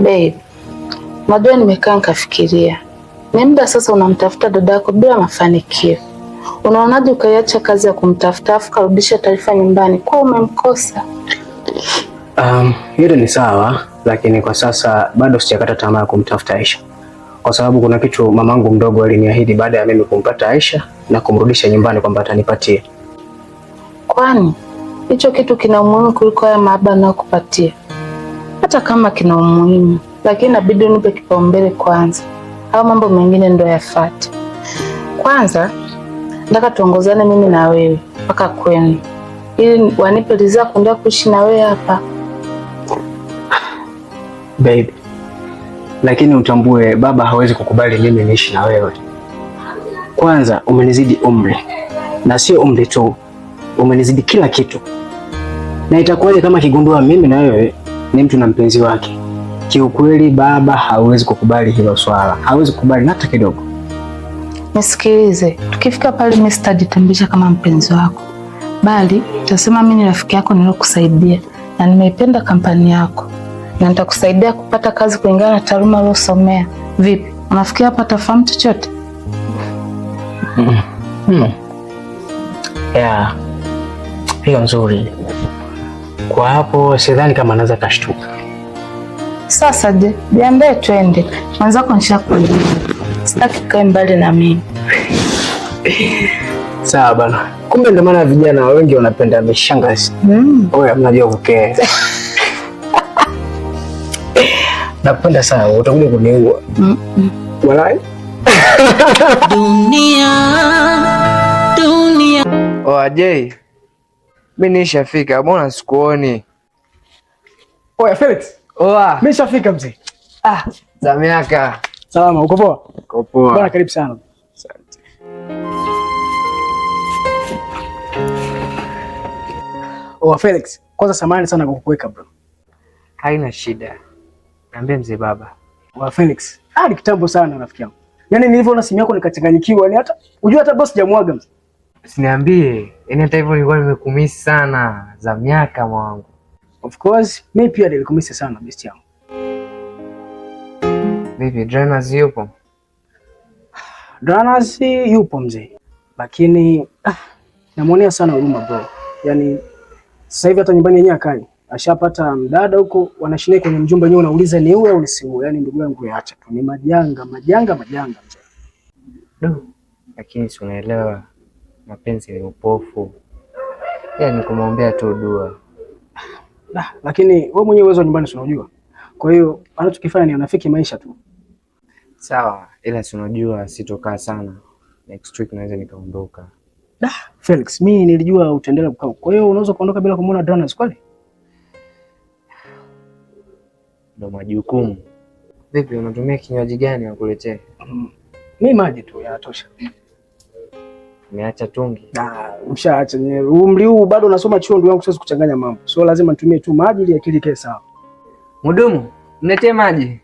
Babe, najua nimekaa nikafikiria, ni muda sasa unamtafuta dada yako bila mafanikio. Unaonaje ukaiacha kazi ya kumtafuta afu karudisha taarifa nyumbani kwa umemkosa? Um, hilo ni sawa, lakini kwa sasa bado sijakata tamaa ya kumtafuta Aisha kwa sababu kuna kitu mamangu mdogo aliniahidi baada ya mimi kumpata Aisha na kumrudisha nyumbani kwamba atanipatia. Kwani hicho kitu kina umuhimu kuliko haya mahaba nayokupatia? hata kama kina umuhimu, lakini inabidi unipe kipaumbele kwanza, au mambo mengine ndo yafuate. Kwanza nataka tuongozane mimi na wewe mpaka kwenu, ili wanipe ridhaa kuendelea kuishi na wewe hapa baby. Lakini utambue baba hawezi kukubali mimi niishi na wewe. Kwanza umenizidi umri, na sio umri tu, umenizidi kila kitu, na itakuwaje kama kigundua mimi na wewe ni mtu na mpenzi wake. Kiukweli baba hawezi kukubali hilo swala, hawezi kukubali hata kidogo. Nisikilize, tukifika pale mimi sitajitambulisha kama mpenzi wako, bali tasema mimi ni rafiki yako nilokusaidia na nimeipenda kampani yako na nitakusaidia kupata kazi kulingana na taaluma uliyosomea. Vipi, unafikia hapa tafahamu chochote? mm. mm. yeah. hiyo nzuri kwa hapo sidhani kama anaweza kashtuka. Sasa je, jiambie twende, mwenzako nishakuambia sitaki kae mbali na mimi. Sawa bana, kumbe ndio maana vijana wengi wanapenda mishangazi. Wewe mm. mnajua kukea. Nakupenda sana, utakuja kuniua. Mm, mm. Walai. Dunia, dunia. Oajei mimi nishafika, mbona sikuoni? Oya Felix. Oa. Mimi nishafika mzee. Ah, za miaka. Salama, uko poa? Uko poa. Bwana karibu sana. Asante. Oa Felix, kwanza samahani sana kwa kukuweka bro. Haina shida. Niambie mzee baba. Oa Felix, ah ni kitambo sana rafiki yangu. Yaani nilivyoona simu yako nikachanganyikiwa, ni hata unajua hata boss jamwaga mzee. Usiniambie, yaani hata hivyo nilikuwa nimekumisi sana za miaka mwangu. Of course, mimi pia nilikumisi sana besti yangu. Vipi, Dranas yupo? Dranas yupo mzee, lakini ah, namwonea sana huruma bro. Yaani sasa hivi hata nyumbani yenyewe akali ashapata mdada huko, wanashiriki kwenye mjumba wenyewe, unauliza ni uwe au nisiue. Yaani ndugu yangu, yaacha tu, ni majanga majanga majanga mzee. Do, lakini si unaelewa mapenzi ni upofu, ni kumwombea tu dua. Nah, lakini wewe mwenyewe uwezo nyumbani tunajua, kwa hiyo anachokifanya ni unafiki maisha tu. Sawa, ila unajua sitokaa sana, next week naweza nikaondoka. Da, Felix, mimi nilijua utaendelea kukaa. Kwa hiyo unaweza kuondoka bila kumuona Donners kweli? Ndio majukumu. Vipi, unatumia kinywaji gani akuletee? Mm, mimi maji tu yanatosha umeacha tungi. Ah, ushaacha. Umri huu bado unasoma chuo, ndio wangu, siwezi kuchanganya mambo. So lazima nitumie tu maji ili akili ikae sawa. Mhudumu, mletee maji.